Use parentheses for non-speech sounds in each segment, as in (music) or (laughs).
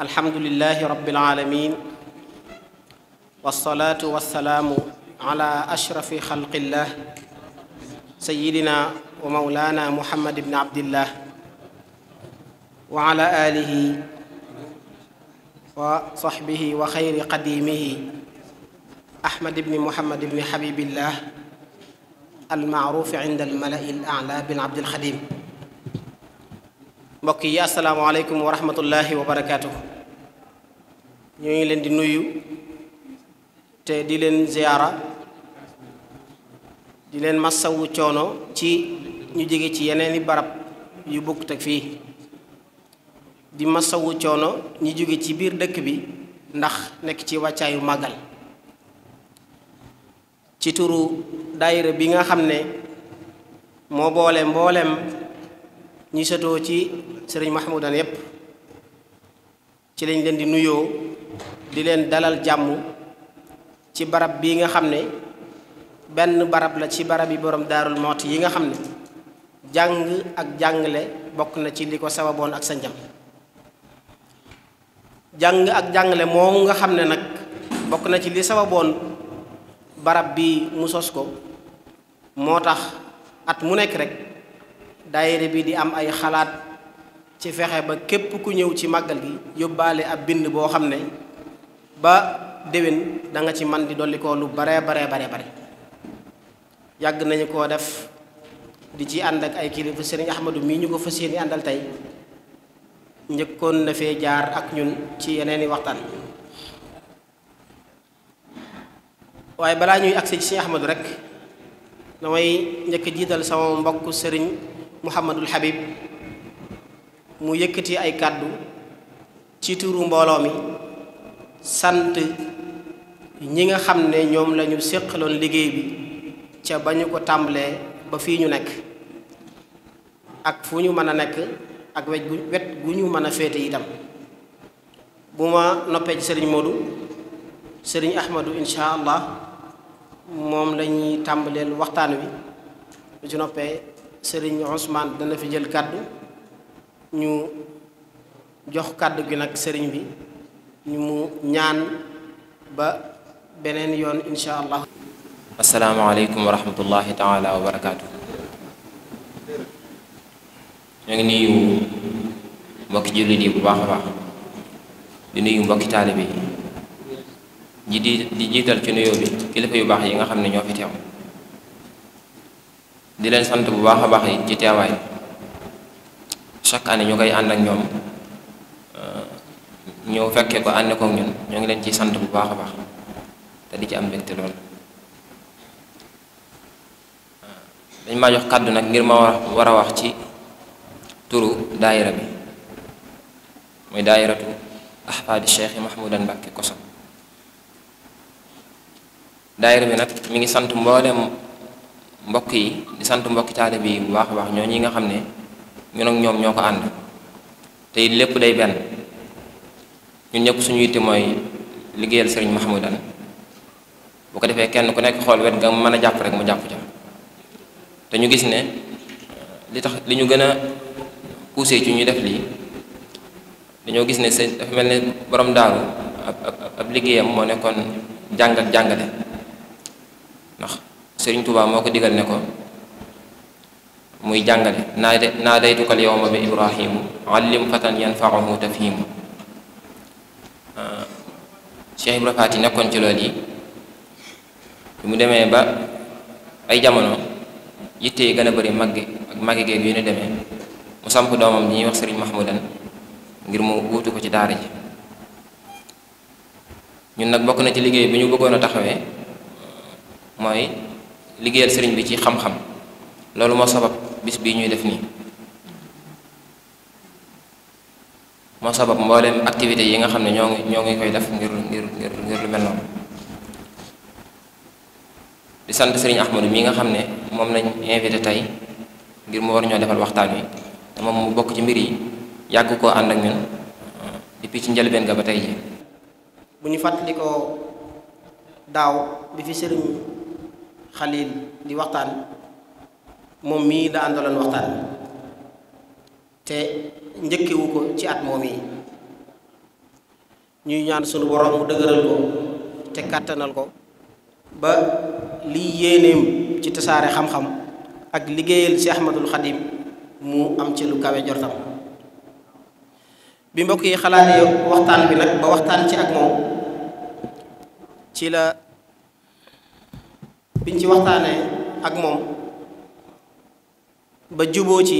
alhamdulillahi rabbil alamin wasalaatu wasalaamu ala ashrafi xalqillah sayidina wa maulana muhammad ibn abdillah wa ala alihi wa sahbihi wa xayri qadimihi ahmad ibn muhammad ibn habibillah almaaruf inda almalai al ala bin abdilxadim mbokk yi asalaamaaleykum wa rahmatullahi wa barakaatuh ñoo ngi leen di nuyu te di leen ziyaara di leen massawu coono ci ñu jóge ci yeneeni barab yu bokkut ak fii di massawu coono ñu jóge ci biir dëkk bi ndax nekk ci wàccaayu màggal ci turu daayira bi nga xam ne moo boole mbooleem ñuy setoo ci sëriñ Mahmoudan yépp ci lañ leen di nuyoo di leen dalal jàmm ci barab bii nga xam ne benn barab la ci barab yi borom daarul moot yi nga xam ne jàng ak jàngale bokk na ci li ko sababoon ak sa njam jàng ak jàngale moomu nga xam ne nag bokk na ci li sababoon barab bi mu sos ko moo tax at mu nekk rek daayira bi di am ay xalaat ci fexe ba képp ku ñëw ci màggal gi yóbbaale ab bind boo xam ne ba déwén danga ci man di dolli lu baree baree bare bare yàgg nañu koo def di ci ànd ak ay kilifa sëriñ Ahmadu mii ñu ko fas yéene àndal tey njëkkoon na fee jaar ak ñun ci yeneeni waxtaan waaye balaa ñuy agsi ci sëriñ Ahmadu rek damay njëkk jiital sama mbokk sëriñ Mouhamadul Habib mu yëkkati ay kàddu ci turu mbooloo mi sant ñi nga xam ne ñoom lañu ñu séqaloon liggéey bi ca ba ñu ko tàmbalee ba fii ñu nekk ak fu ñu mën a nekk ak wet gu wet gu ñu mën a féete itam bu ma noppee ci sëriñ Modou sëriñ Ahmadou incha allah moom lañuy ñuy tàmbaleel waxtaan wi bu ci noppee sëriñ Ousmane dana fi jël kàddu ñu jox kàddu gi nag sëriñ bi ñu mu ñaan ba beneen yoon incha allah. asalaamaaleykum wa rahmatullahi taala wa barakaatu. ñu ngi nuyu mbokki jullit yi bu baax a baax di nuyu mbokki taalibe yi di di jiital ci nuyoo bi kilifa yu baax yi nga xam ne ñoo fi teew. di leen sant bu baax a baax yi ci teewaay chaque année ñu koy ànd ak ñoom euh, ñëw fekkee ko ànd kook ñun ñoo ngi leen ciy sant bu baax a baax te di ci am mbégte lool euh, dañ ma jox kàddu nag ngir ma war a wax ci turu daayira bi muy daayiratu ahfaadi cheikh mahmudan mbàkke kosom daayira bi nag mi ngi sant mboolem mbokk yi di sant mbokki taalibe bii bu baax a baax ñoo ñi nga xam ne ñun ak ñoom ñoo ko ànd te lépp day benn ñu nekk suñu yitte mooy liggéeyal sëriñ Mahmoudan boo ko defee kenn ku nekk xool wet nga mën a jàpp rek mu jàpp ca te gis ne li tax li ñu gën a poussé ci ñu def lii dañoo gis ne sëñ dafa mel ne boroom daaru ab ab ab liggéeyam moo nekkoon jàngal jàngale ndax sëriñ Tuubaa moo ko digal ne ko muy jàngale naa daytukal yowma bi ibrahimu allim fatan yanfaahu tafhimu ah, Cheikh Ibra Faati nekkoon ci loolu yi mu demee ba ay jamono yitte yi gën a bëri maggi ak maggi géeg yu ne demee mu samp doomam ñuy wax sëriñ Mahmoudan ngir mu wuutu ko ci daara ji ñun nag bokk na ci liggéey bi ñu bëggoon a taxawee mooy liggéeyal sëriñ bi ci xam-xam loolu moo sabab bis bii ñuy def nii moo sabab mbooleem activité yi nga xam ne ñoo ngi ñoo ngi koy def ngir ngir ngir ngir lu mel noonu di sant sëriñ Ahmadu mi nga xam ne moom lañ invité tey ngir mu war ñoo defal waxtaan wi te moom mu bokk ci mbir yi yàgg koo ànd ak ñun euh, depuis ci njëlbeen ga ba tey ji bu ñu fàttalikoo daaw bi fi sëriñ xalil di waxtaan moom mii la àndaloon waxtaan te njëkkewu ko ci at moom yi ñuy ñaan sunu borom mu dëgëral ko te kàttanal ko ba lii yéeneem ci tasaare xam-xam ak liggéeyal si Ahmadul Xadim mu am ci lu kawe jortam bi mbokk yi xalaatee waxtaan bi nag ba waxtaan ci ak moom ci la biñ ci waxtaanee ak moom ba juboo ci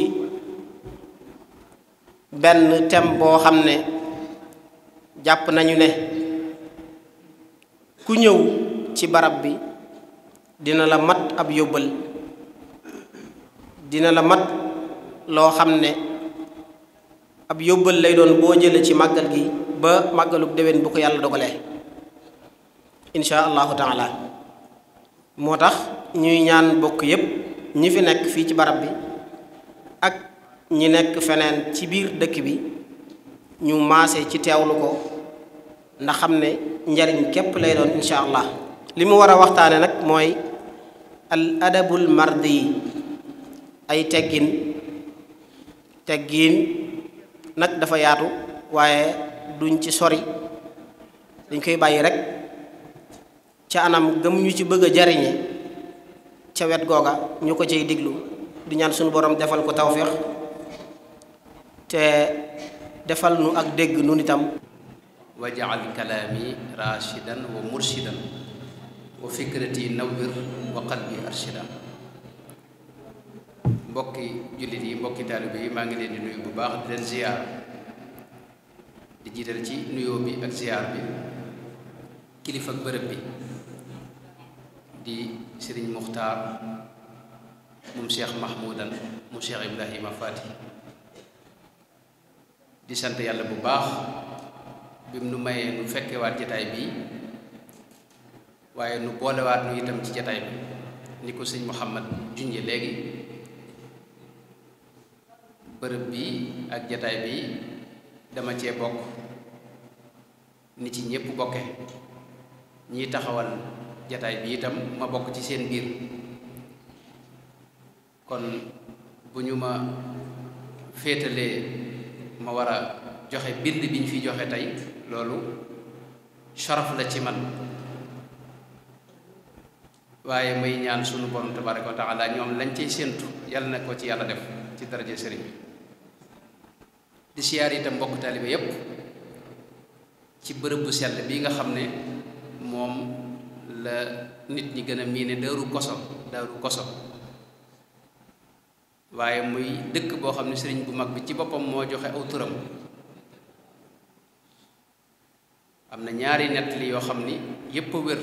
benn thème boo xam ne jàpp nañu ne ku ñëw ci barab bi dina la mat ab yóbbal dina la mat loo xam ne ab yóbbal lay doon boo jëlee ci màggal gi ba màggalub déwén bu ko yàlla dogalee incha allahu taala moo tax ñuy ñaan bokk yépp ñi fi nekk fii ci barab bi ak ñi nekk feneen ci biir dëkk bi ñu maase ci teewlu ko ndax xam ne njariñ képp lay doon insha allah li mu war a waxtaane nag mooy al adabul mardi ay teggin teggiin nag dafa yaatu waaye duñ ci sori dañ koy bàyyi rekk ca anam gëm ñu ci bëgg a jariñe ca wet googa ñu ko cay diglu di ñaan suñu borom defal ko tawféex te defal nu ak dégg nu nitam wajaal kalaami raashidan wa murshidan wa fikrati nawwir wa qalbi arshida mbokki jullit yi mbokki taalibe yi maa ngi leen nuyu bu baax di leen ziyaar di jiital ci nuyoo bi ak ziyaar bi kilifa bërëb bi di sëriñ muxtaar moom cheikh mahmoudan mu cheikh ibrahima fati di sant yàlla bu baax bi mu nu mayee nu fekkewaat jataay bi waaye nu boolewaat nu itam ci jataay ni ko sëñ muhammad junje léegi bërëb bi ak jataay bi dama cee bokk ni ci ñépp bokke ñiy taxawal jataay bi itam ma bokk ci seen biir kon bu ñu ma féetalee ma war a joxe bind bi ñu fi joxe tey loolu sharaf la ci man waaye may ñaan sunu borom tabaraka wa taala ñoom lañ cay séentu yàlla na ko ci yàlla def ci daraje sëriñ bi di siyaar itam mbokk taalibe yépp ci bërëb bu sell bi nga xam ne moom la nit ñi gën a miine daaru koso daaru koso waaye muy dëkk boo xam ne sëriñ bu mag ci boppam moo joxe aw turam na ñaari nettali yoo xam ni yépp wér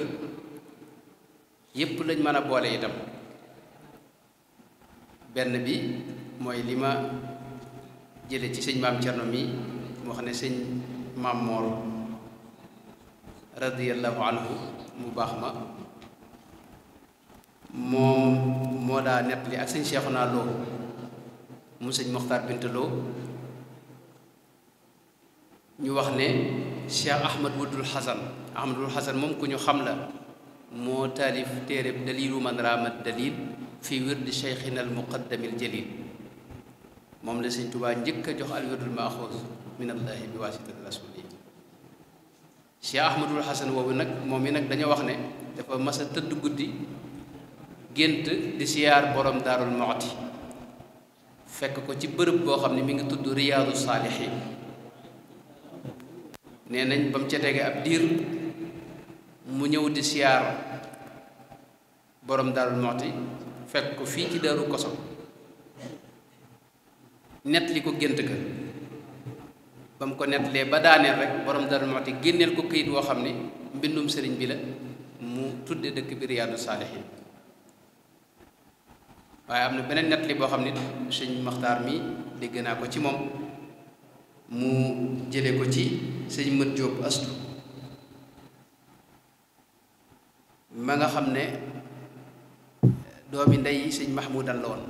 lañ mën a boole itam benn bi mooy li ma jële ci sëñ maam Cerno ne sëñ maam radiyallahu anhu mu baax ma moom moo daa li ak sëñ Cheikhouna Lo mu sëñ Mokhtar Binta ñu wax ne Cheikh Ahmad Wadul Xasan Ahmadul Xasan moom ku ñu xam la moo taalif téereb dalilu man raamat dalil fi wird cheikhina al muqaddamil moom la sëñ Tubaa njëkk a jox al wirdul maaxoos min allahi bi waasitati rasul Cheikh Ahmadul Hasan woowu nag moom yi nag dañoo wax ne dafa mas a tëdd guddi gént di siyaar borom daarul moxti fekk ko ci bërëb boo xam ne mi ngi tudd riyaadu saalixiin nee nañ bam mu ca tegee ab diir mu ñëw di siyaar borom daarul moxti fekk ko fii ci daaru koso nett ko gént ka ba mu ko nettalee ba daaneel rek borom Darou Mouhty génneel ko këyit woo xam ne mbindum sëriñ bi la mu tudde dëkk bi Riyadou Salihine waaye am na beneen nettali boo xam ne sëñ Maxtaar mi dégg naa ko ci moom mu jële ko ci sëñ Mët Jóob astu ma nga xam ne doomi ndey sëñ Mahmoudan la woon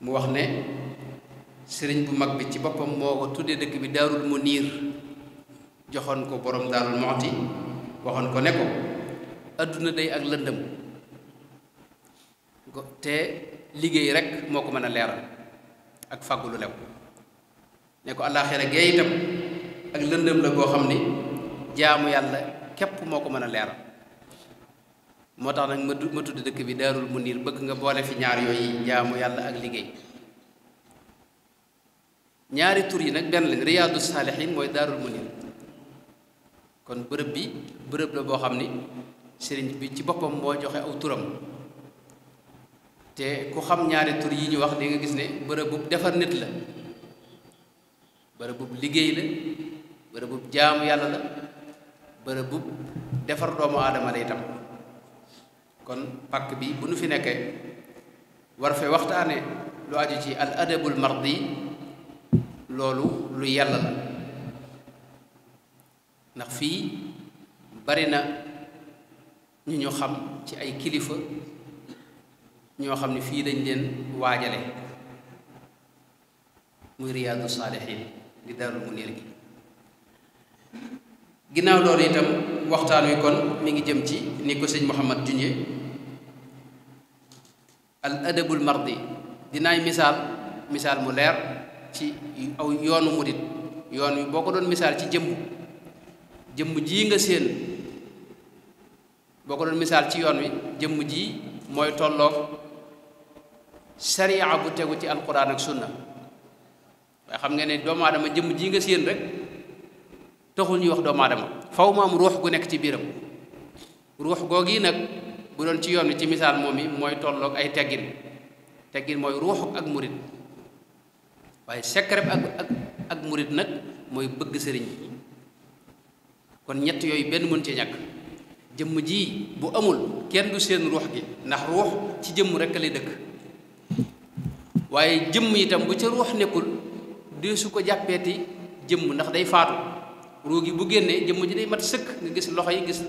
mu wax ne sëriñ bu mag bi ci boppam moo ko tuddee dëkk bi daarul mu niir joxoon ko borom daarul moxti waxoon ko ne ko adduna day ak lëndëm te liggéey rek moo ko mën a leeral ak fàggu lu lew ne ko àllaaxira gee itam ak lëndëm la goo xam ni jaamu yàlla képp moo ko mën a leeral moo tax nag ma tudd dëkk bi daarul mu niir bëgg nga boole fi ñaar yooyu jaamu yàlla ak liggéey ñaari tur yi nag benn la riyaadu saalixiin mooy daarul munir kon bërëb bi bërëb la boo xam ni sëriñ bi ci boppam moo joxe aw turam te ku xam ñaari tur yi ñu wax di nga gis ne bërëb bu defar net la bërëb bu liggéey la bërëb bu jaamu yàlla la bërëb bu defar doomu aadama la tam kon pàkk bi bu nu fi nekkee war fee waxtaane lu aju ci al adabul mardi loolu lu yàlla la ndax fii bari na ñu ñu xam ci ay kilifa ñoo xam ne fii lañ leen waajale muy riyaadu saalixiin di darul munir gi ginnaaw loolu itam waxtaan wi kon mi ngi jëm ci ni ko sëñ Mouhamad junje al adabul mardi dinaay misaal misaal mu leer ci aw yoonu murit yoon wi boo ko doon misaal ci jëmm jëmm jii nga séen boo ko doon misaal ci yoon wi jëmm jii mooy tolloog sariya bu tegu ci alquran ak sunna waaye xam nga ne doomu aadama jëmm jii nga séen rek taxul ñuy wax doomu aadama faw mu am ruux gu nekk ci biiram ruux googi nag bu doon ci yoon wi ci misaal moom yi mooy tolloog ay teggin teggin mooy ruux ak murit waaye sekkareb ak ak murit nag mooy bëgg sëriñ bi kon ñett yooyu benn mën ci ñàkk jëmm ji bu amul kenn du seen ruux gi ndax ruux ci jëmm rekk lay dëkk waaye jëmm itam bu ca ruux nekkul dee su ko jàppeeti jëmm ndax day faatu ruux gi bu génnee jëmm ji day mat sëkk nga gis loxo yi gis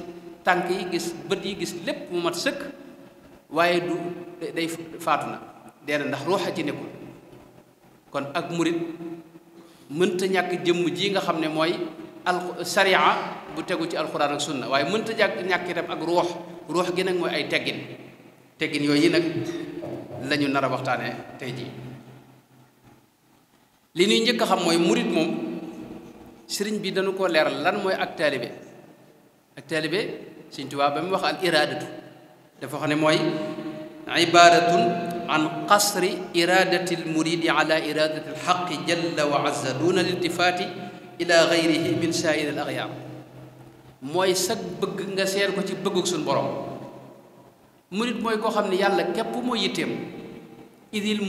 tànk yi gis bët yi gis lépp mu mat sëkk waaye du day faatu na dee na ndax ruux a ci nekkul kon ak murit mënta ñàkk jëmm ji nga xam ne mooy al sariya bu tegu ci alxuraan ak sunna waaye mënta jàkk ñàkk itam ak ruux roox gi nag mooy ay teggin teggin yooyu nag la ñu nar a waxtaane tey jii li nuy njëkk a xam mooy murit moom sëriñ bi dañu ko leeral lan mooy ak taalibe ak taalibe sëriñ Tuubaa ba mu wax al iraadatu dafa xam ne mooy ibaadatun an qasri iradati almuridi ala iradati alxaqi jalla wa azza duna liltifaati ila gayrihi min saa'iri al axyaar mooy sag bëgg nga seet ko ci bëggug suñu borom murid koo xam ne yàlla képp mooy yitteem idil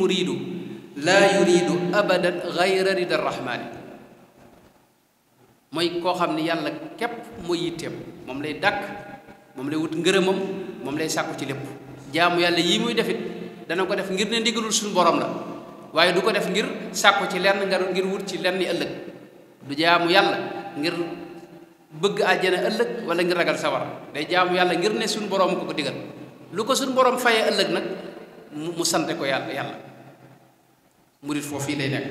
koo xam ne yàlla képp mooy yitteem moom lay dàkk moom lay wut ngërëmam moom lay sàkku ci lépp jaamu yàlla yii muy defit dana ko def ngir ne ndigalul suñu borom la waaye du ko def ngir sàkku ci lenn nga ngir wut ci lenn ëllëg du jaamu yàlla ngir bëgg àjjana ëllëg wala ngir ragal sawara day jaamu yàlla ngir ne suñu borom ko ko digal lu ko suñu boroom fayee ëllëg nag mu sante ko yàlla yàlla mu murit foofu fii lay nekk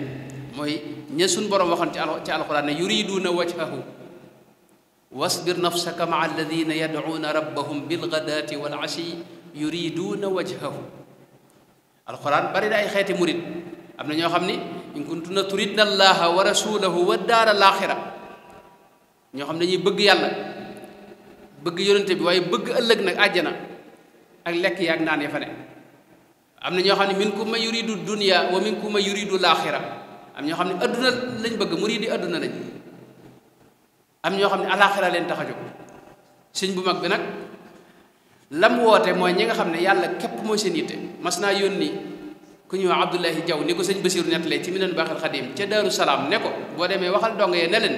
mooy ña suñu borom waxoon ci al ci alxuraan ne yuriduuna wajhahu wasbir nafsaka maa alladina yadcuuna rabbahum bilgadaati wal asi yuriduuna wajhahu alquran bari na ay xeeti murit am na ñoo xam ni in kuntunna turidna allaha wa rasulahu wa daara alaaxira ñoo xam ne dañuy bëgg yàlla bëgg yonente bi waaye bëgg ëllëg nag àjjana ak lekk ya ak naan ya fa ne am na ñoo xam ne minkum man yuridu dunya wa minkum man yuridu laaxira am ñoo xam ne adduna lañ bëgg muridi adduna lañ am ñoo xam ne alaaxira leen tax a jóg bu mag bi nag lam woote mooy ñi nga xam ne yàlla képp mooy seen yitte mas naa yónni ku ñuy wax Abdullahi Jaw ni ko sëñ Basiiru nettalee ci mi neen baaxal xadim ca Daaru Salaam ne ko boo demee waxal dong yee ne leen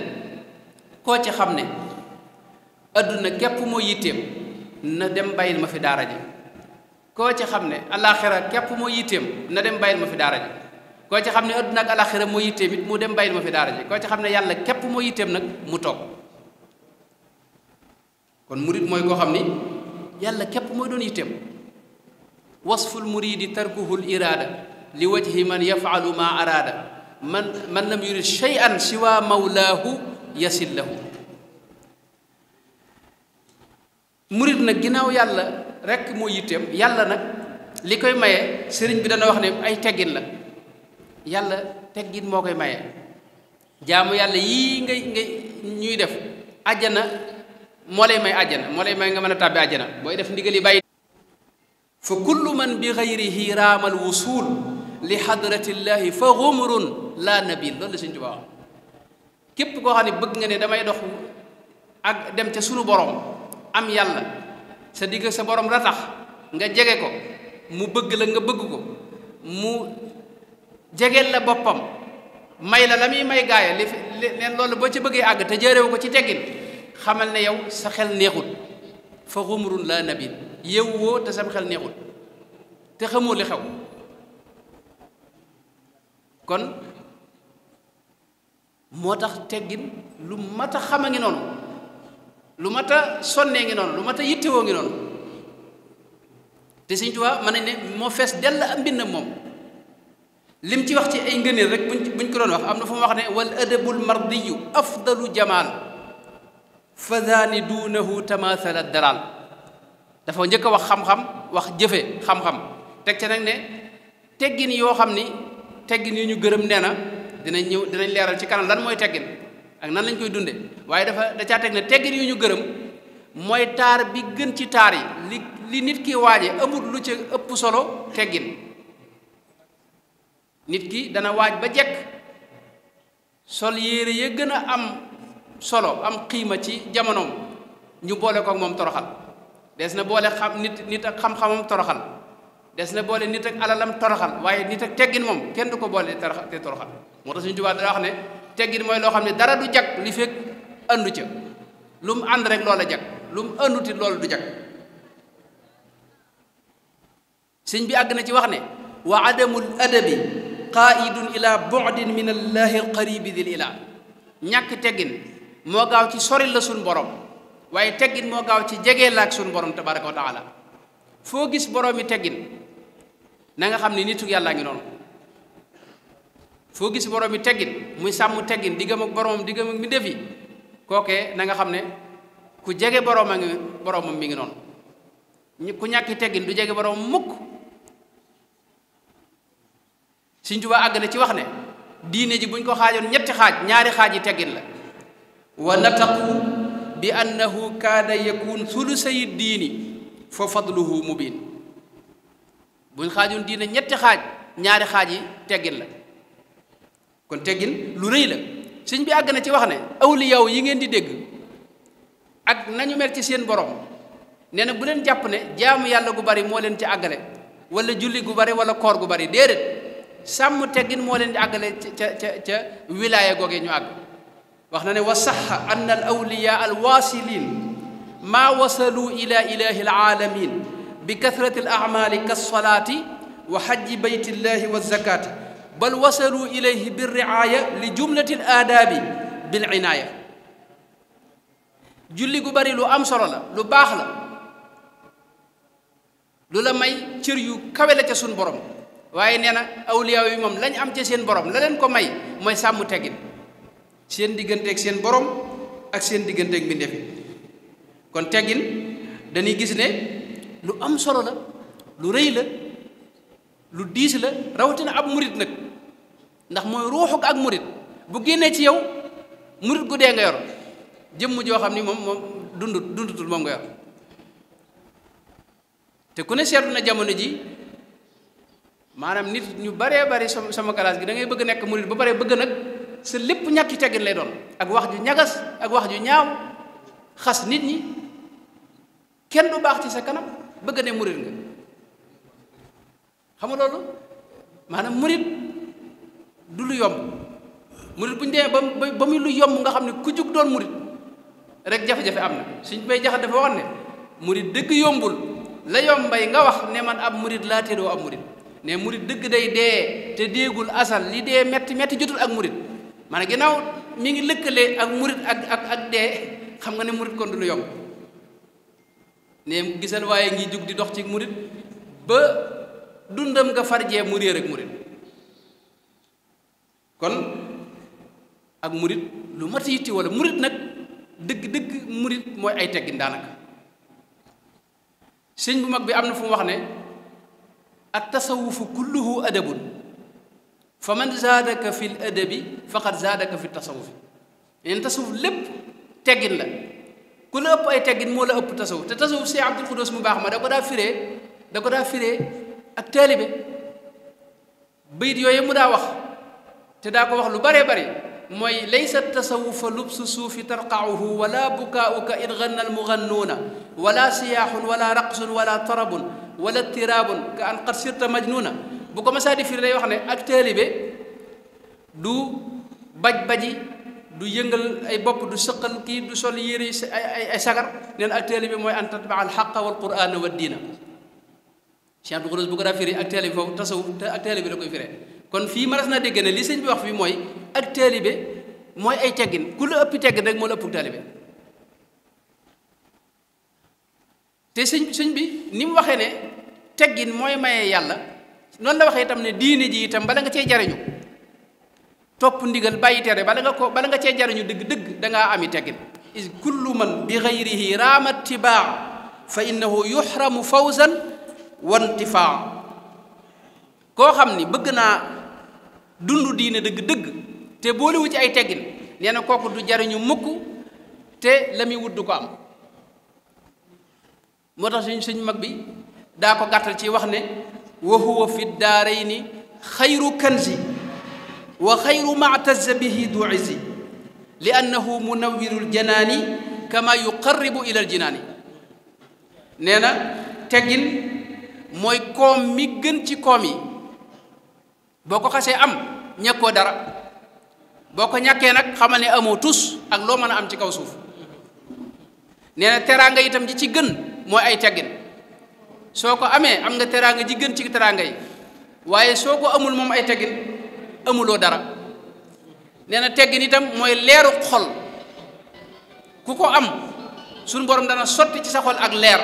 koo ci xam ne adduna képp mooy yitteem na dem bàyyil ma fi daara ji koo ci xam ne alaxira képp mooy yitteem na dem bàyyil ma fi daara koo ci xam ne adduna ak alaxira mooy yitteem it mu dem bàyyil ma fi daara ji koo ci xam ne yàlla képp mooy yitteem nag mu toog kon murit mooy koo xam ni yàlla képp mooy doon yitteem wasfu muridi tarkuhu l iraada li wajhi man yafalu ma araada man man lam yurid shay'an siwa mawlaahu yasil lahu murid nag ginnaaw yàlla rekk mooy yitteem yàlla nag li koy maye sëriñ bi dana wax ne ay teggin la yàlla teggin moo koy maye jaamu yàlla yii ngay ngay ñuy def ajjana moo lay may àjjana moo lay may nga mën a tàbbi àjjana booy def ndigal yi bàyyi fa kullu man bi gayrihi raamal wusul li xadratillahi fa xumrun la nabil loolu la Sëñ Tuubaa képp koo xam ne bëgg nga ne damay dox ak dem ca sunu borom am yàlla sa digg sa borom la tax nga jege ko mu bëgg la nga bëgg ko mu jegeel la boppam may la la muy may gaaya li leen loolu boo ci bëggee àgg te ko ci teggin xamal ne yow sa xel neexut fa xumrun laa nabin yow woo te sam xel neexut te xamoo li xew kon moo tax teggin lu mat a xam a ngi noonu lu mat a sonnee ngi noonu lu mat a yittewoo ngi noonu te Sëñ Tuubaa mën nañ ne moo fees dell am mbindam moom lim ci wax ci ay ngëneel rek buñ buñ ko doon wax am na fu mu wax ne wal adabul mardiyu afdalu jamaal fadaani duunahu tamaathala dalaal dafa njëkk a wax xam-xam wax jëfe xam-xam teg ca nag ne teggin yoo xam ni teggin yu ñu gërëm nee na dinañ ñëw dinañ leeral ci kanam lan mooy teggin ak nan lañ koy dunde waaye dafa da teg ne teggin yu ñu gërëm mooy taar bi gën ci taar yi li li nit ki waaje amul lu ca ëpp solo teggin nit ki dana waaj ba jekk sol yére ya gën a am solo am xiima ci jamonoom ñu boole ko moom toroxal des na boole xam nit nit ak xam-xamam toroxal des na boole nit ak alalam toroxal waaye nit ak teggin moom kenn du ko boole te toroxal moo tax suñu jubaat daa wax ne teggin mooy loo xam ne dara du jag li fekk ëndu ca lu mu ànd rek loola jag lu mu ànduti loolu du jag sëñ bi àgg na ci wax ne wa adamul adabi qaidun ila bu'din min allahi di dil ila ñàkk teggin moo gaaw ci soril la suñ borom waaye teggin moo gaaw ci jege la ak suñ borom tabaraka wa foo gis borom yi teggin nanga nga xam ne nitu yàlla ngi noonu foo gis borom yi teggin muy sàmm teggin diggam ak boromam diggam ak mbindéef yi kookee na nga xam ne ku jege borom a ngi mi ngi noonu ku ñàkki teggin du jege borom mukk si Tuubaa àgg na ci wax ne diine ji buñ ko xaajoon ñetti xaaj ñaari xaaj yi teggin la wa nataqu bi annahu kaada yakun sulusayi diini fa fadluhu biin buñ xaajoon diina ñetti xaaj ñaari xaaj yi teggin la kon teggin lu rëy la sëñ bi àgg na ci wax ne awliyaw yi ngeen di dégg ak nañu mel ci seen borom nee na bu leen jàpp ne jaamu yàlla gu bari moo leen ci àggale wala julli gu bari wala koor gu bari déedéet sàmm teggin moo leen di àggale ca ca ca wilaaya googee ñu àgg wax na ne wa saxa ann al awliya al waasiliin maa wasaluu ila ilahi alaalamin bi kathrati al acmaali kalsalaati wa xajji bayt illahi wa zakaati bal wasaluu ilayhi bi ricaaya li jumlati al aadaabi bil julli gu bari lu am solo la lu baax la lu la may cër yu kawe la ca suñ borom waaye nee na awliya moom lañ am ca seen borom la leen ko may mooy sàmm tegin seen digganteeg seen borom ak seen digganteeg mbindeef kon teggin dañuy gis ne lu am solo la lu rëy la lu diis la rawatina ab murit nag ndax mooy ruuxu ak murit bu génnee ci yow murit gu dee nga yor jëmm joo xam ni moom moom dundut dundutul moom nga yor te ku ne seetlu na jamono ji maanaam nit ñu baree bari sama sama classe gi da ngay bëgg nekk murit ba pare bëgg nag sa lépp ñàkk ñàkki teggin lay doon ak wax ju ñagas ak wax ju ñaaw xas nit ñi kenn du baax ci sa kanam bëgg ne murit nga xam nga loolu maanaam murit du lu yomb murit bu ñu demee ba ba muy lu yomb nga xam ne ku jug doon murit rek jafe-jafe na suñ bay jaxat dafa wax ne murit dëgg yombul la yombay nga wax ne man ab murit laa te doo ab murit ne murit dëgg day dee te déegul asal li dee metti metti jotul ak murit maanaam ginnaaw mi ngi lëkkale ak murit ak ak dee xam nga ne murit kon du lu yomb ne gisal waaye ngi jug di dox ci murit ba dundam nga far mu réer ak murit kon ak murit lu mat yitti wala murit nag dëgg dëgg murit mooy ay teggin daanaka sëñ bu mag bi am na fu mu wax ne at tasawufu kulluhu adabun fa man zaadaka fi adabi faqad zaadaka fi tasawufi leen tasawuf lépp teggin la ku la ay teggin moo la tasawuf te tasawuf si abdul xudus mu baax ma da ko daa firee da ko daa firee ak mu daa wax te daa ko wax lu bare bare mooy laysa tasawufa lubsu suufi tarqauhu wala bukaauka id ganna almugannuuna wala siyaaxun wala raqsun wala tarabun wala tiraabun ka an qad sirta majnuuna bu ko masaa di firi day wax ne ak taalibe du baj baji du yëngal ay bopp du sëqal kii du sol yére ay ay sagar neen ak taalibe mooy an tatbaa al xaqa wal quraan wa diina Cheikh bu ko daa firi ak taalibe foofu tasawuf te ak taalibe la koy firee kon fii maras naa dégg ne li sëñ bi wax fii mooy ak taalibe mooy ay teggin ku la ëpp teggin rek moo la ëpp taalibe te sëñ sëñ bi ni mu waxee ne teggin mooy maye yàlla noonu la waxee itam ne diine ji itam bala nga cee jariñu topp ndigal bàyyi tere bala nga ko bala nga cee jariñu dëgg-dëgg dangaa ami teggin is kullu man bi gayrihi raama tibaa fa innahu yuxramu fawzan wa koo xam ni bëgg naa dund diine dëgg-dëgg te boolewu ci ay teggin nee na kooku du jariñu mukk te la muy wut du ko am moo tax suñ suñ mag bi daa ko gàttal ci wax ne wa huwa fi daarayni xayru kanzi wa xayru mactaza bihi du izi li annahu munawiru ljanaani kama yuqarribu ila ljinaani nee na teggin mooy koom mi gën ci koom yi boo ko xasee am ñàkkoo dara boo ko ñàkkee nag xamal ne amoo tus ak loo mën a am ci kaw suuf nee na teraanga itam ji ci gën mooy ay teggin soo ko amee am nga teraanga ji gën ci teraanga yi waaye soo ko amul moom ay teggin amuloo dara nee na teggin itam mooy leeru xol ku ko am suñ borom dana sotti ci sa xol ak leer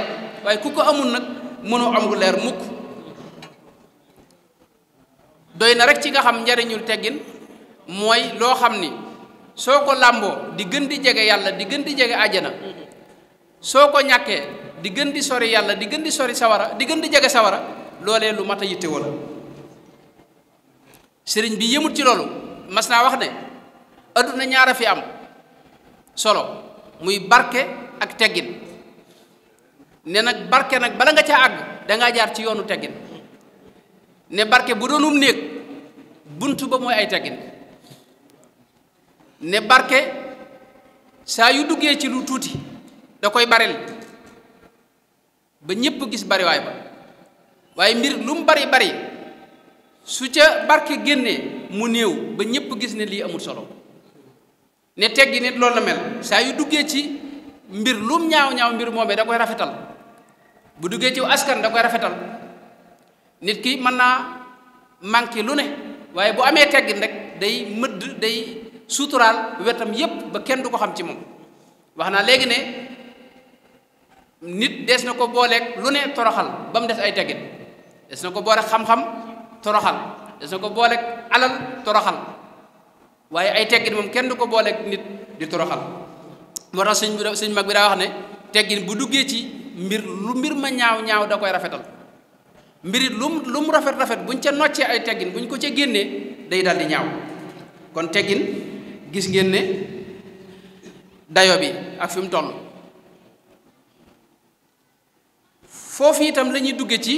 waaye ku ko amul nag mënoo am leer mukk doy na rek ci nga xam njariñul teggin mooy loo xam ni soo ko làmboo di gën di jege yàlla di gën di jege àjjana soo ko ñàkkee di gën di sori yàlla di gën di sori sawara di gën di jege sawara loolee lu mat a yittewoo la sëriñ bi yëmut ci loolu mas naa wax ne adduna ñaar a fi am solo muy barke ak teggin ne nag barke nag bala nga ca àgg danga jaar ci yoonu teggin ne barke bu doonum néeg bunt ba mooy ay teggin ne barke saa yu duggee ci lu tuuti da koy baril ba ñépp gis bariwaay ba waaye mbir lu mu bari bari su ca barke génnee mu néew ba ñépp gis ne lii amul solo ne teggi nit loolu la mel saa yu duggee ci mbir lum ñaaw ñaaw mbir moomee da koy rafetal bu duggee ci askan da koy rafetal nit ki mën naa manqué lu ne waaye bu amee teggin rek day mëdd day suturaal wetam yépp ba kenn du ko xam ci moom wax naa léegi ne nit des na ko booleek lu ne toroxal ba mu des ay teggin des na ko booleeg xam-xam toroxal des na ko booleeg alal toroxal waaye ay teggin moom kenn du ko booleek nit di toroxal moo tax sëñ sëñ mag bi daa wax ne teggin bu duggee ci mbir lu mbir ma ñaaw ñaaw da koy rafetal mbirit lu lu mu rafet rafet buñ ca noccee ay teggin bu buñ ko ca génnee day dal di ñaaw kon teggin gis ngeen ne dayo bi ak fi mu toll foofu itam lañuy dugge ci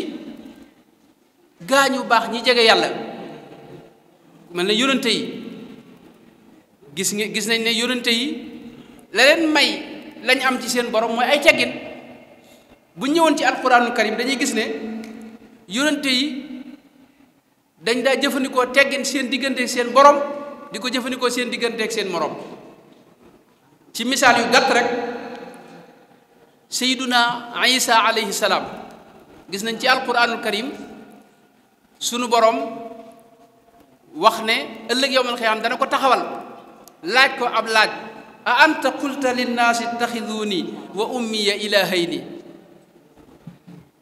gaañu baax ñi jege yàlla mel na yonente yi gis nga gis nañ ne yonente yi la leen may lañu am ci seen borom mooy ay teggin bu ñëwoon ci alquraanul karim dañuy gis ne yonente yi dañ daa jëfandikoo teggin seen digganteek seen borom di ko jëfandikoo seen diggante ak seen moroom ci misaal yu gàtt rek sayyiduna isa alayhi salaam gis nañ ci alquranul karim sunu borom wax ne ëllëg yowmal xiyaam dana ko taxawal laaj ko ab laaj a anta qulta linnaasi ittaxiduuni wa ummiya ilahayni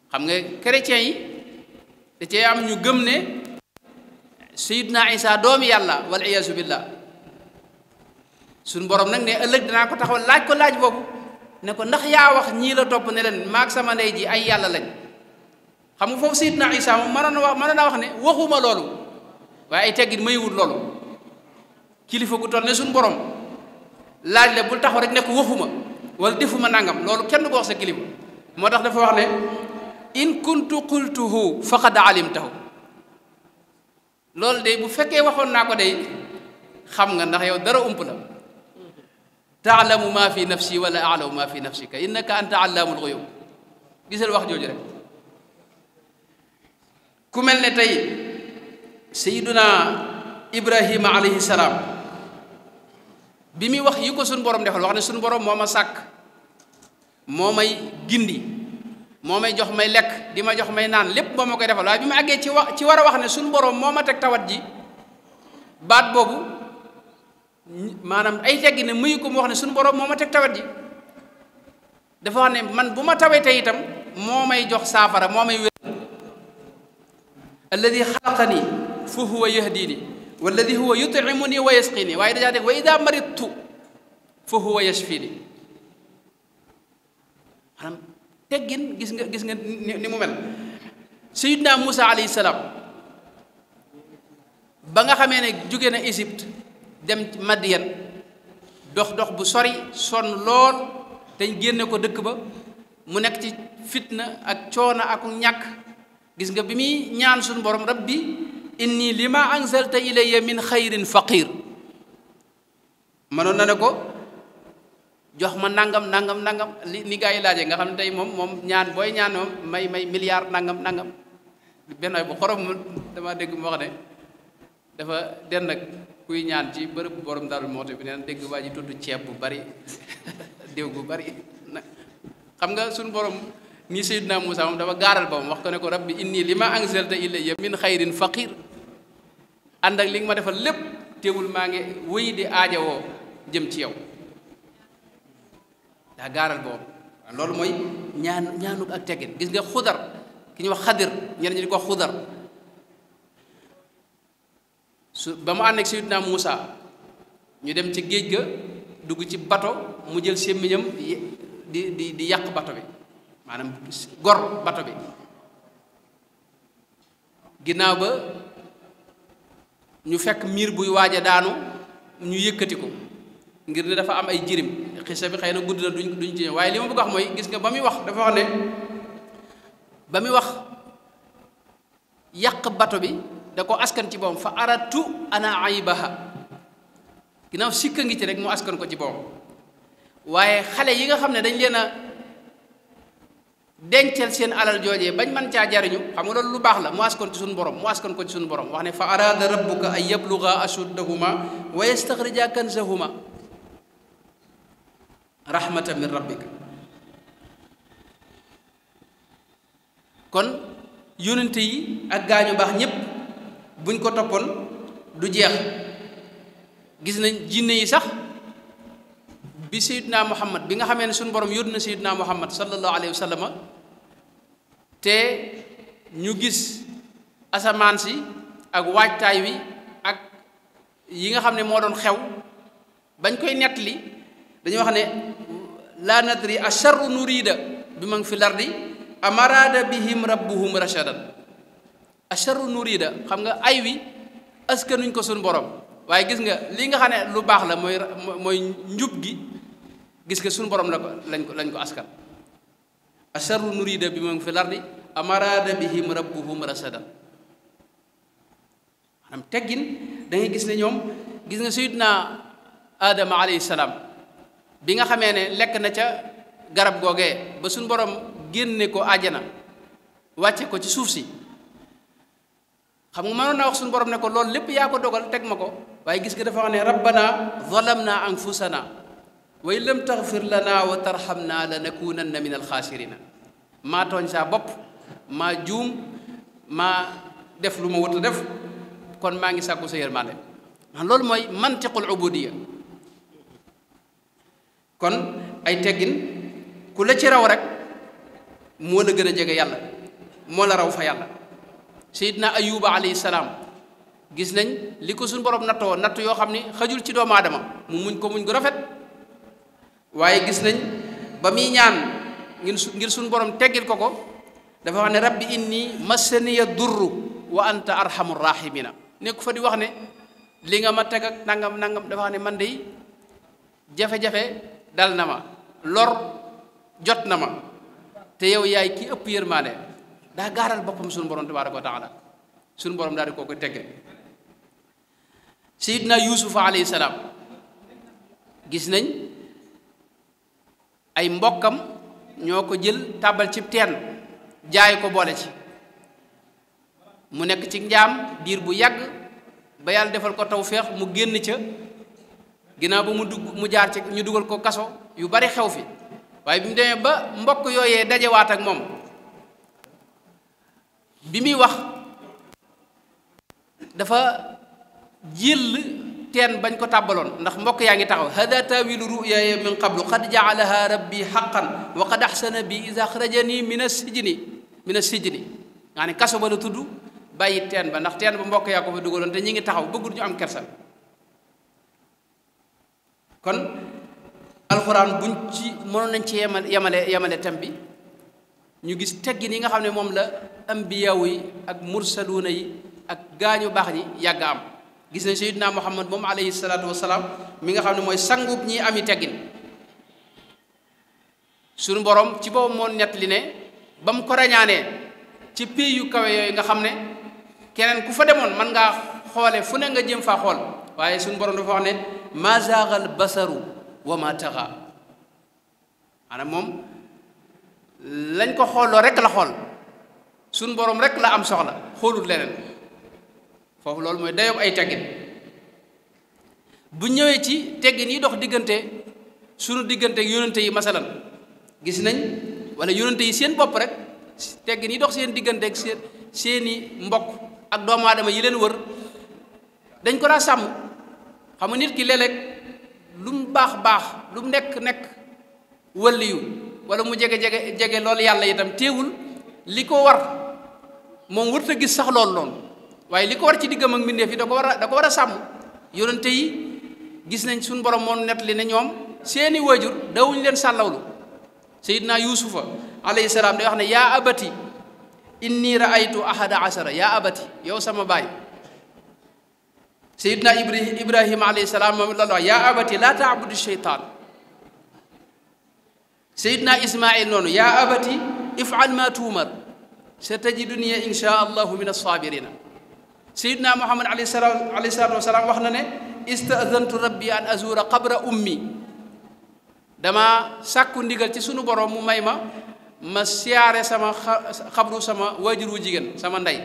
xam nga chrétien yi da cee am ñu gëm ne sayyiduna isa doom yàlla wal iyaasu billah sunu borom nag ne ëllëg dana ko taxawal laaj ko laaj boobu ne ko ndax yaa wax ñii la topp ne leen maak sama ndey ji ay yàlla lañ xamu nga foofu Seydina Isa moom mën na wax naa wax ne waxuma loolu waaye ay teggit mayiwul loolu kilifa ku toll ne suñu borom laaj la bu taxaw rek ne ko waxuma wala defuma nangam loolu kenn ko wax sa kilifa moo tax dafa wax ne in kuntu qultuhu faqad alimtahu loolu de bu fekkee waxoon naa ko de xam nga ndax yow dara ump la taalamu maa fi nafsi wala aalamu maa fi nafsika innaka anta allaamul xuyub gisal wax jooju rek ku mel ne tey sayiduna ibrahima alayhi salaam bi muy wax yi ko suñu borom defal wax ne suñu borom moo ma sàkk moo may gindi moom may jox may lekk di ma jox may naan lépp moo ma koy defal waaye bi ma àggee ci ci war a wax ne suñu borom moo ma teg tawat ji baat boobu maanaam ay teggi ne muyu ko mu wax ne suñu borom moo ma teg tawat ji dafa wax ne man bu ma tawee tey itam moo may jox saafara moo may wér alladi xalaqani fa huwa yahdini walladi huwa yutimuni wa yasqini waaye dajaa def wa ida maridtu fa huwa yashfini maanaam teggin gis nga gis nga ni mu mel sayidna Musa alayhi salaam ba nga xamee ne jóge na Égypte dem ci Madiyan dox dox bu sori sonn lool te génne ko dëkk ba mu nekk ci fitna ak coono ak ñàkk gis nga bi muy ñaan suñu borom rabbi inni lima anzalta ilayya min xayrin faqir mënoon na ne ko jox ma nangam nangam nangam li ni yi laajee nga xam ne tey moom moom ñaan booy ñaan moom may may milliard nangam nangam benn bu xorom dama dégg mu wax ne dafa den nag kuy ñaan ci bërëb bu borom Daaru Muxti bi nee na dégg waa ji tudd ceeb bu bari (laughs) déw bu bari xam nga suñu borom nii Seydina Muusaa moom dafa gaaral boom wax ko ne ko rab bi inni li ma anzalta ilayya min xayrin faqir ànd ak li nga ma defal lépp teewul maa ngi wéy di aajawoo jëm ci yow daa gaaral boobu loolu mooy ñaan ñaanuk ak teggin gis nga xudar ki ñuy wax xadir ñeneen ñi di ko xudar su ba mu ànd ak Seydina Muusa ñu dem ci géej ga dugg ci bato mu jël sémmiñam di di di yàq bato bi maanaam gor bato bi ginnaaw ba ñu fekk miir buy waaj a daanu ñu yëkkati ko ngir ne dafa am ay jirim xisa bi xëy na gudd na duñ duñ ci waaye li ma bëgg wax mooy gis nga ba muy wax dafa wax ne ba muy wax yàq bato bi da ko askan ci boom fa aratu ana ki ginnaaw sikk ngi ci rek mu askan ko ci boom waaye xale yi nga xam ne dañ leen a dencal seen alal joojee bañ man caa jariñu xam nga lu baax la mu askan ci suñu borom mu askan ko ci sunu borom wax ne fa arada rabbuka ay yabluga ashuddahuma wa yastaxrija kanzahuma rahmatan min rabbika kon yonent yi ak gaañu baax ñépp buñ ko toppoon du jeex gis nañ jinne yi sax bi naa muhammad bi nga xamee ne suñu borom yónni na sayidna muhammad sallallahu alayhi wa te ñu gis asamaan si ak waajtaay wi ak yi nga xam ne moo doon xew bañ koy nettali dañuy wax ne laa nadri asharru nurida bi man fi lardi am araada bihim rabbuhum rashadan asharru nurida xam nga ay wi askanuñ ko suñu boroom waaye gis nga li nga xam ne lu baax la mooy mooy njub gi gis nga suñu borom la ko lañ ko lañ ko askan asharru nurida bi moom fi lardi amaraada bihim rabbuhum rasadan maanaam teggin da gis ne ñoom gis nga sayyidna aadama alayhi salaam bi nga xamee ne lekk na ca garab googee ba suñ boroom génne ko àjjana wàcce ko ci suuf si xam nga mënoon naa wax suñu borom ne ko loolu lépp yaa ko dogal teg ma ko waaye gis nga dafa wax ne rabbana zalamna anfusana wa in lam taxfir lana wa tarxamna na min alxaasirina maa tooñ saa bopp maa juum maa def lu ma wut def kon maa ngi sàkku sa yërmande ndax loolu mooy mantiqul ubudiya kon ay teggin kula ci raw rek moo la gën a jege yàlla moo la raw fa yàlla seydina ayuba alayhi salaam gis nañ li ko suñ borom nattoo natt yoo xam ni xajul ci doomu aadama mu muñ ko muñ gu rafet waaye gis nañ ba muy ñaan ngir su suñu borom teggil ko ko dafa wax ne rabbi inni massaniya durru wa anta arhamur rahimina nekk fa di wax ne li nga ma teg ak nangam nangam dafa wax ne man dey jafe-jafe dal na ma lor jot na ma te yow yaay ki ëpp yërmaande daa gaaral boppam suñu borom tabaraka wa taala suñu borom daal di koo koy tegge sayidna yuusufa alayhi salaam gis nañ ay mbokkam ñoo ko jël tàbbal ci teen jaay ko boole ci mu nekk ci njaam diir bu yàgg ba yàlla defal ko taw feex mu génn ca ginnaaw ba mu dugg mu jaar ci ñu dugal ko kaso yu bari xew fi waaye bi mu demee ba mbokk yooyee dajewaat ak moom bi muy wax dafa jël teen bañ ko tàbbaloon ndax mbokk yaa ngi taxaw hada tawilu ruyaaya min qablu qad jaalaha rabbi xaqan wa qad axsana bi is axrajani min assijni min assijni yaa ne kaso ba la tudd bàyyi teen ba ndax teen ba mbokk yaa ko fa dugaloon te ñi ngi taxaw bëggul ñu am kersa kon alxuraan buñ ci mënoon nañ ci yemale yemale yemale tem bi ñu gis teggin yi nga xam ne moom la ambiyaaw yi ak mursaluuna yi ak gaañu baax ñi yàgg am gis nañ sayyidina muhammad moom alayhi salaatu wasalaam mi nga xam ne mooy sangub ñi ami teggin suñu borom ci boobu moo nett li ne ba mu ko rañaanee ci pays yu kawe yooyu nga xam ne keneen ku fa demoon man nga xoole fu ne nga jëm faa xool waaye suñu borom dafa wax ne ma basaru wa ma taxa maanaam moom lañ ko xooloo rekk la xool suñ boroom rek la am soxla xoolul leneen foofu loolu mooy dayoom ay teggin bu ñëwee ci teggin yi dox diggante suñu diggante yónente yi masalan gis nañ walla yónente yi seen bopp rek teggin yi dox seen diggante ak seen seeni mbokk ak doomu aadama yi leen wër dañ ko daa sàmm xam nit ki léeg lu mu baax baax lu mu nekk nekk wëlliyu wala mu jege jege jege loolu yàlla itam téewul li ko war moom warut a gis sax lool noonu waaye li ko war ci digg ak mbindeef yi da ko war a da ko war a sàmm yonente yi gis nañ suñu borom moo nett li ne ñoom seeni waajur dawuñu leen sàllawlu sayidna yuusufa alayhi salaam day wax ne yaa abati inni raaytu ahada asara yaa abati yow sama baay sayidna ibrahima alayhi salaam moom loolu wax yaa abati laa taabudu sheytaan sayidna ismail noonu yaa abati ifal ma tuumar sa tajiduni insha allahu min assaabirina sayidna muhammad wax na ne rabbi an azura qabra ummi dama sàkku ndigal ci sunu borom mu may ma ma siyaare sama xabru sama waajur wu jigéen sama ndey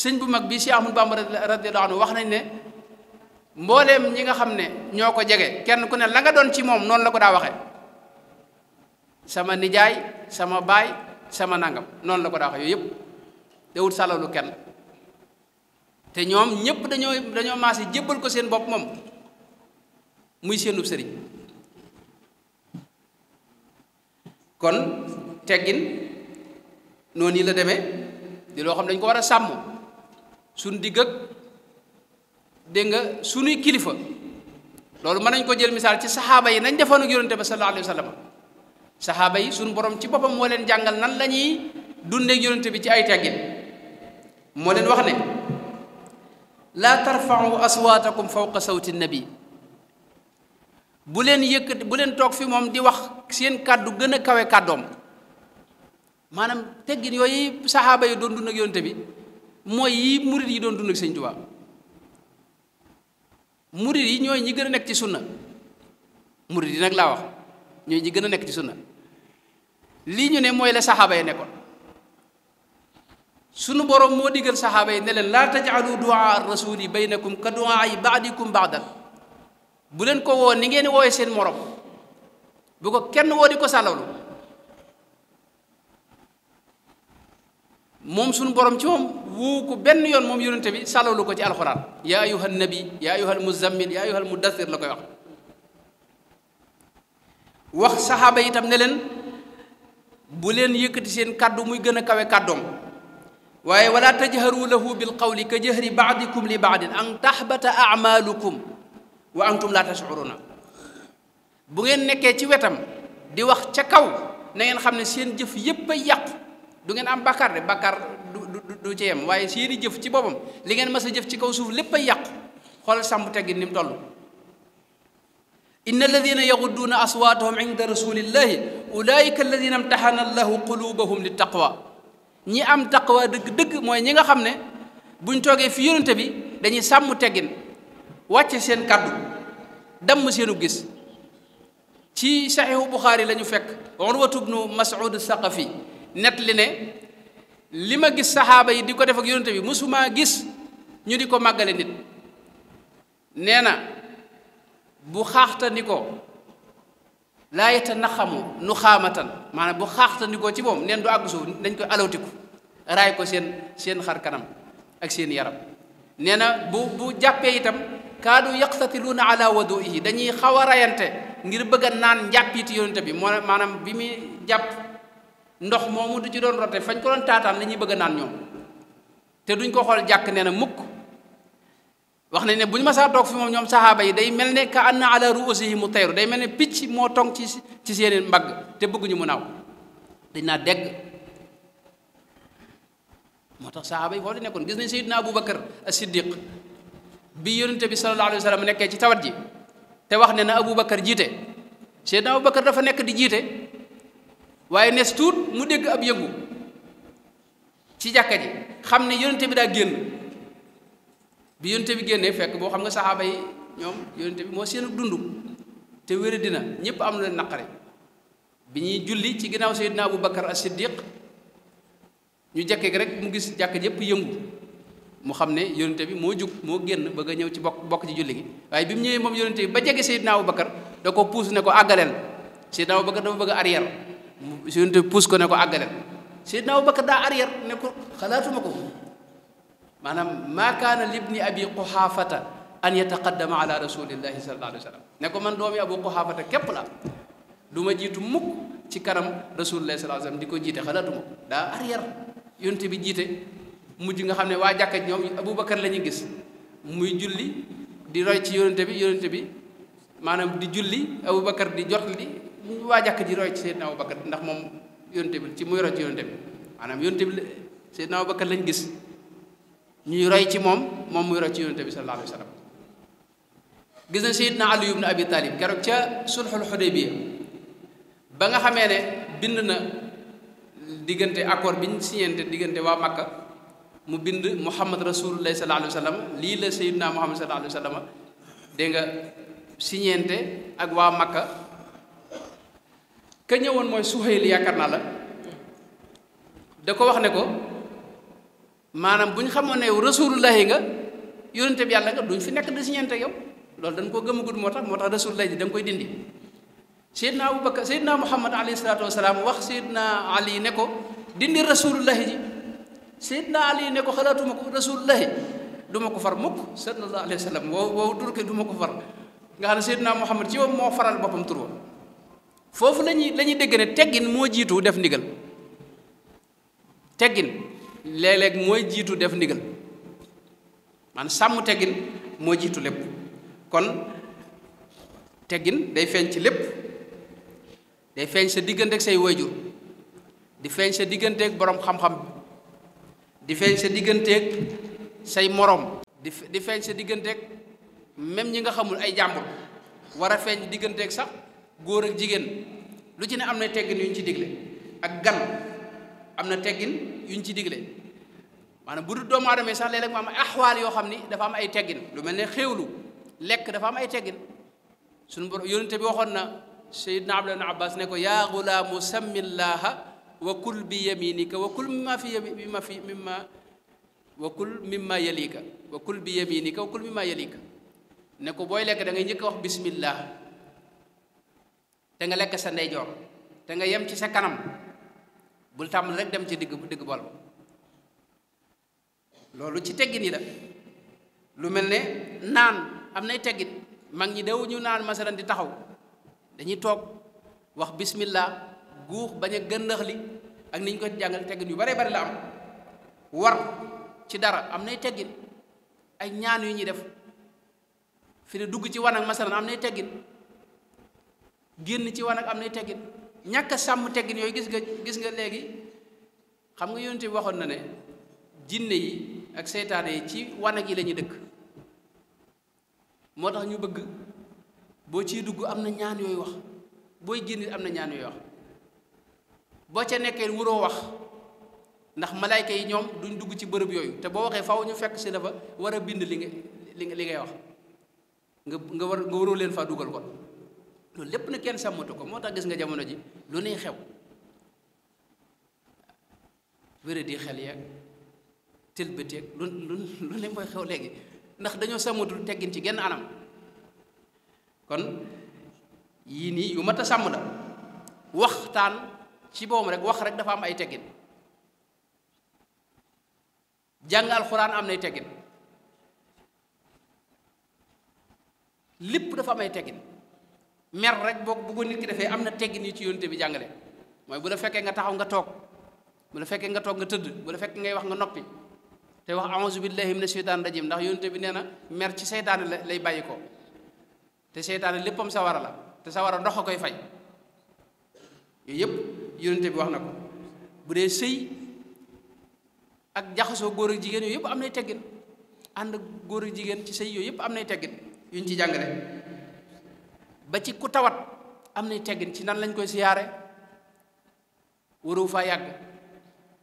sëñ bu mag bi Cheikh Ahmadou Bamba radiyallahu anhu wax nañ ne mbooleem ñi nga xam ne ñoo ko jege kenn ku ne la nga doon ci moom noonu la ko daa waxe sama nijaay sama baay sama nangam noonu la ko daa waxee yooyu yëpp dawut salalu kenn te ñoom ñëpp dañoo dañoo maase jébbal ko seen bopp moom muy seenu sëriñ kon teggin noonu yi la deme di loo xam dañ ko war a sàmm suñ digg ak dégg nga sunuy kilifa loolu mën nañ ko jël misaal ci saxaaba yi nañ defoon ak yonente bi sallallahu alayhi wa sallam saxaaba yi sunu boroom ci boppam moo leen jàngal nan la ñuy dundeeg yonente bi ci ay teggin moo leen wax ne laa tarfau aswaatakum fawqa sawti nabi bu leen yëkkati bu leen toog fi moom di wax seen kàddu gën a kawe kàddoom maanaam teggin yooyu saxaaba yi doon dund ak yonente bi mooy yi murit yi doon dund ak sëñ murid yi ñooy ñi gën a nekk ci sunna murid yi nag laa wax ñooy ñi gën a nekk ci sunna lii ñu ne mooy la saxaaba yi nekkoon sunu borom moo digal saxaaba yi ne leen laa tajcalu duaa rasuli baynakum ka duaai baadikum baadan bu leen ko woo ni ngeen wooye seen moroom bu ko kenn woo di ko sàllalu moom suñu borom ci moom wuu benn yoon moom yonente tamit sàllalu ko ci alxuraan yaa ayuha nabi yaa ayuha almuzammil yaa ayuha almudassir la koy wax wax saxaaba itam ne leen bu leen yëkkati seen kàddu muy gën a kawe kàddoom waaye wala tajharu lahu bil qawli ka jahri baadikum li baax dina an tahbata amalukum wa antum la tashuruna bu ngeen nekkee ci wetam di wax ca kaw na ngeen xam ne seen jëf yépp a yàqu du ngeen am bàkkaar de bàkkaar du du ci yem waaye seeni jëf ci boppam li ngeen mas a jëf ci kaw suuf lépp ay yàqu xoolal sàmm teggin ni mu toll inna alladina yaxudduuna aswaatahum inda rasulillahi ulaayika alladina imtaxana allahu qulubahum li taqwa ñi am taqwa dëgg-dëgg mooy ñi nga xam ne buñ toogee fi yonente bi dañuy sàmm teggin wàcce seen kàddu damm seenu gis ci saxiixu buxaari la ñu fekk urwatu bnu masud saqafi net li ne li ma gis saxaaba yi di ko def ak yonent bi mësumaa gis ñu di ko màggale nit nee na bu xaaxtandi ko laa yeta naxamu nu tan maanaam bu xaaxtandi ko ci moom neen du àgg suuf dañ koy alawtiku raay ko seen seen xar kanam ak seen yaram nee na bu bu jàppee itam kaadu yaqtatiluuna ala waduihi dañuy xaw a rayante ngir bëgg a naan njàppiiti yonent bi moo maanaam bi muy jàpp ndox moomu di ci doon rote fañ ko doon taataan la ñuy bëgg naan ñoom te duñ ko xool jàkk nee na mukk wax nañ ne bu ñu masaa toog fi moom ñoom saxaaba yi day mel ne ka anna ala ruusihi mu tayru day mel ne picc moo tong ci ci seeni mbagg te bëgguñu mu naaw dañ naa dégg moo tax saxaaba yi foofu di nekkoon gis nañ sayyidina Abu Bakar as-Siddiq bi yonente bi sallallahu alayhi wa sallam nekkee ci tawat ji te wax ne na Abu Bakar jiite sayyidina Abu Bakar dafa nekk di jiite waaye nes tuut mu dégg ab yëngu ci jàkka ji xam ne yonente bi daa génn bi yonente bi génnee fekk boo xam nga saxaaba yi ñoom yonente bi moo seen dund te wéra dina ñëpp am na leen naqare bi ñuy julli ci ginnaaw Seydina Abu Bakar as Siddiq ñu jekkee rek mu gis jàkka ji yëpp yëngu mu xam ne yonente bi moo jug moo génn bëgg ñëw ci bokk bokk ci julli gi waaye bi mu ñëwee moom yonente bi ba jege Seydina Abu Bakar da ko puus ne ko àggaleel Seydina Abu Bakar bëgg a yonent bi puus ko ne ko àggaleel Seydina Abubakar daa arrière ne ko xalaatuma ko maanaam maa kaana libni abi quxaafata an yataqaddama ala rasulillahi sallallahu alayhi wa sallam ne ko man doomi abu quxaafata képp la du ma jiitu mukk ci kanam rasulillahi sallallahu alayhi wa di ko jiite xalaatuma ko daa arrière yonent bi jiite mujj nga xam ne waa jàkka ñoom Abubakar la ñuy gis muy julli di roy ci yonent bi yonent bi maanaam di julli Abubakar di jot li waa jàkk ji roy ci Seydina Abubakar ndax moom yonte bi ci muy roy ci yonte bi maanaam yonte bi Seydina lañ gis ñuy roy ci moom moom muy roy ci yonte bi sallallahu alayhi wa sallam gis na Seydina keroog ca sulxul Xudaybiya ba nga xamee ne bind na diggante accord bi ñu signante diggante waa Makka mu bind Muhammad Rasulullah sallallahu alayhi wa sallam lii la Seydina Muhammad sallallahu alayhi wa sallam dégg signante ak waa Makka ka ñëwoon mooy Suhayl yaakaar naa la da ko wax ne ko maanaam bu ñu xamoon ne yow rasulullahi nga yónnente bi yàlla nga duñ fi nekk di si ñeente yow loolu dañ koo gëmagul moo tax moo tax rasulullahi ji da nga koy dindi Seydina Abubakar Seydina Muhammad alayhi salaatu wasalaam wax Seydina Ali ne ko dindi rasulullahi ji Seydina Ali ne ko xalaatuma ko rasulullahi du ma ko far mukk sallallahu alayhi wa sallam wow wow tur ke du ma ko far nga xam ne Seydina Muhammad ci moom moo faral boppam tur wa foofu lañuy la ñuy dégg ne teggin moo jiitu def ndigal teggin léeg mooy jiitu def ndigal man sàmm teggin moo jiitu lépp kon teggin day feeñ ci lépp day feeñ sa diggante say waajur di feeñ sa digganteek boroom xam-xam di feeñ sa diggante ak say moroom di di feeñ sa digganteek ak même ñi nga xamul ay jàmbur war a feeñ diggante sax góor ak jigéen lu ci ne am na teggin yu ñu ci digle ak gan am na teggin yu ñu ci digle maanaam bu dul doomu aadama sax léeg-léeg mu am axwaal yoo xam ni dafa am ay teggin lu mel ne xéewlu lekk dafa am ay teggin suñu borom yonente bi waxoon na sayidna abdullah ibn abbas ne ko yaa gulaamu sammillaha wa kul bi yaminika wa kul mimma fi mimma fi mimma yalika wa bi yaminika wa kul mimma ko booy lekk dangay ngay njëkk a wax bismillah te nga lekk sa ndeyjoor te nga yem ci sa kanam bul tàmm rek dem ci digg digg bool loolu ci teggin yi la lu mel ne naan am nay teggin mag ñi dawuñu naan masalan di taxaw dañuy toog wax bismillah guux bañ a gënnax li ak ni ñu ko jàngal teggin yu bare bari la am war ci dara am nay teggin ay ñaan yu ñuy def fi ne dugg ci wan ak am nay teggin génn ci wanag am na teggin ñàkk a sàmm teggin yooyu gis nga gis nga léegi xam nga yonent waxoon na ne jinne yi ak seytaane yi ci wanag yi lañuy dëkk moo tax ñu bëgg boo ciy dugg am na ñaan yooyu wax booy génn am na ñaan yooyu wax boo ca nekkee wuroo wax ndax malayka yi ñoom duñ dugg ci bërëb yooyu te boo waxee faw ñu fekk si la fa war a bind li nga li li ngay wax nga nga war nga waroo leen faa dugal kon loolu lépp na kenn sàmmatu ko moo tax gis nga jamono ji lu nuy xew wére di xel yeeg tëlbët lu lu lu ne mooy xew léegi ndax dañoo samatul teggin ci genn anam kon yii nii yu mat a sàmm la waxtaan ci boom rek wax rek dafa am ay teggin jàng alxuraan am nay teggin lépp dafa am ay teggin mer rek boog bu ko nit ki defee am na teggin yi ci yónte bi jàngale mooy bu la fekkee nga taxaw nga toog bu la fekkee nga toog nga tëdd bu la fekkee ngay wax nga noppi te wax auzu billahi mina sheytaan rajim ndax yónte bi nee na mer ci seytaane la lay bàyyi ko te seytaane léppam sawara la te sa war a koy fay yooyu yëpp yónte bi wax na ko bu dee sëy ak jaxasoo góor jigéen yooyu yëpp am nay teggin ànd góor ak jigéen ci sëy yooyu yëpp am nay teggin yuñ ci jàngale ba ci ku tawat am nay teggin ci nan lañ koy siyaare waroo faa yàgg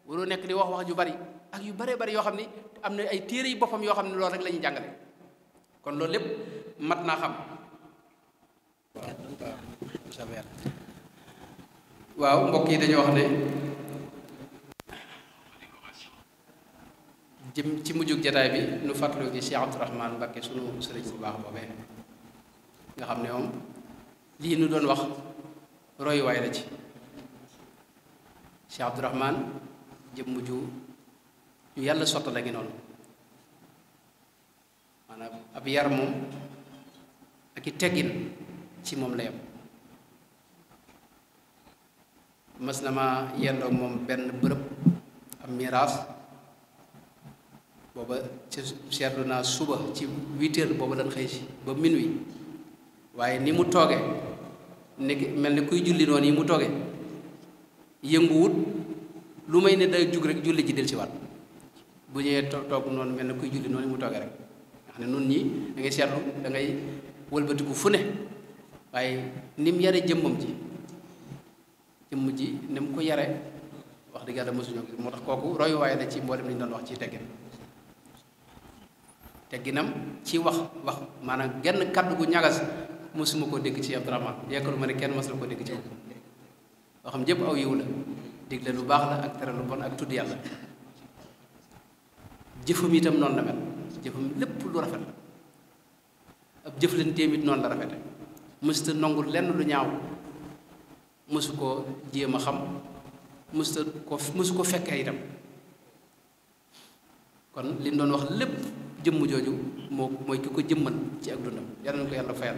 waroo nekk di wax wax ju bari ak yu baree bari yoo xam ni am na ay téere yi boppam yoo xam ne loolu rek lañuy jàngale kon loolu lépp mat naa xam waaw mbokk yi dañoo wax ne jëm ci mujjug jataay bi nu fàttaloo gi Cheikh Abdourahmane Mbacké sunu sëriñ bu baax boobee nga xam ne moom lii nu doon wax royuwaay la ci Cheikh Abdourahman jëmm ju ñu yàlla sotta la ngi noonu maanaam ab yar moom ak i teggin ci moom la yem mas na ma yendoog moom benn bërëb am miraas booba seetlu naa suba ci huit heures booba lan xëy si ba minuit waaye ni mu tooge ni mel ni kuy julli noonu yi mu tooge yënguwut lu may ne day jug rek julli ji del ci waat bu ñëwee toog noonu mel ni kuy julli noonu yi mu tooge rek nga xam ne nun ñi da ngay seetlu dangay ngay wëlbatiku fu ne waaye ni mu yare jëmmam ji jëmm ji ni mu ko yare wax dëgg yàlla mosuñu ko moo tax kooku royuwaay la ci mboolem li ñu doon wax ci teggin tegginam ci wax wax maanaam genn kàddu gu ñagas mosuma koo dégg ci Abdourahmane yaakaaruma ne kenn mos la koo dégg ci moom loo xam jëpp aw yiw la digle lu baax la ak tere lu bon ak tudd yàlla jëfam itam noonu la mel jëfam lépp lu rafet la ab jëflanteem it noonu la rafete mësuta nongul lenn lu ñaaw mësu koo jéem a xam mësuta ko mësu ko fekkee itam kon li ñu doon wax lépp jëmm jooju moo mooy ki ko jëmmal ci ak dundam yal na ko yàlla fayal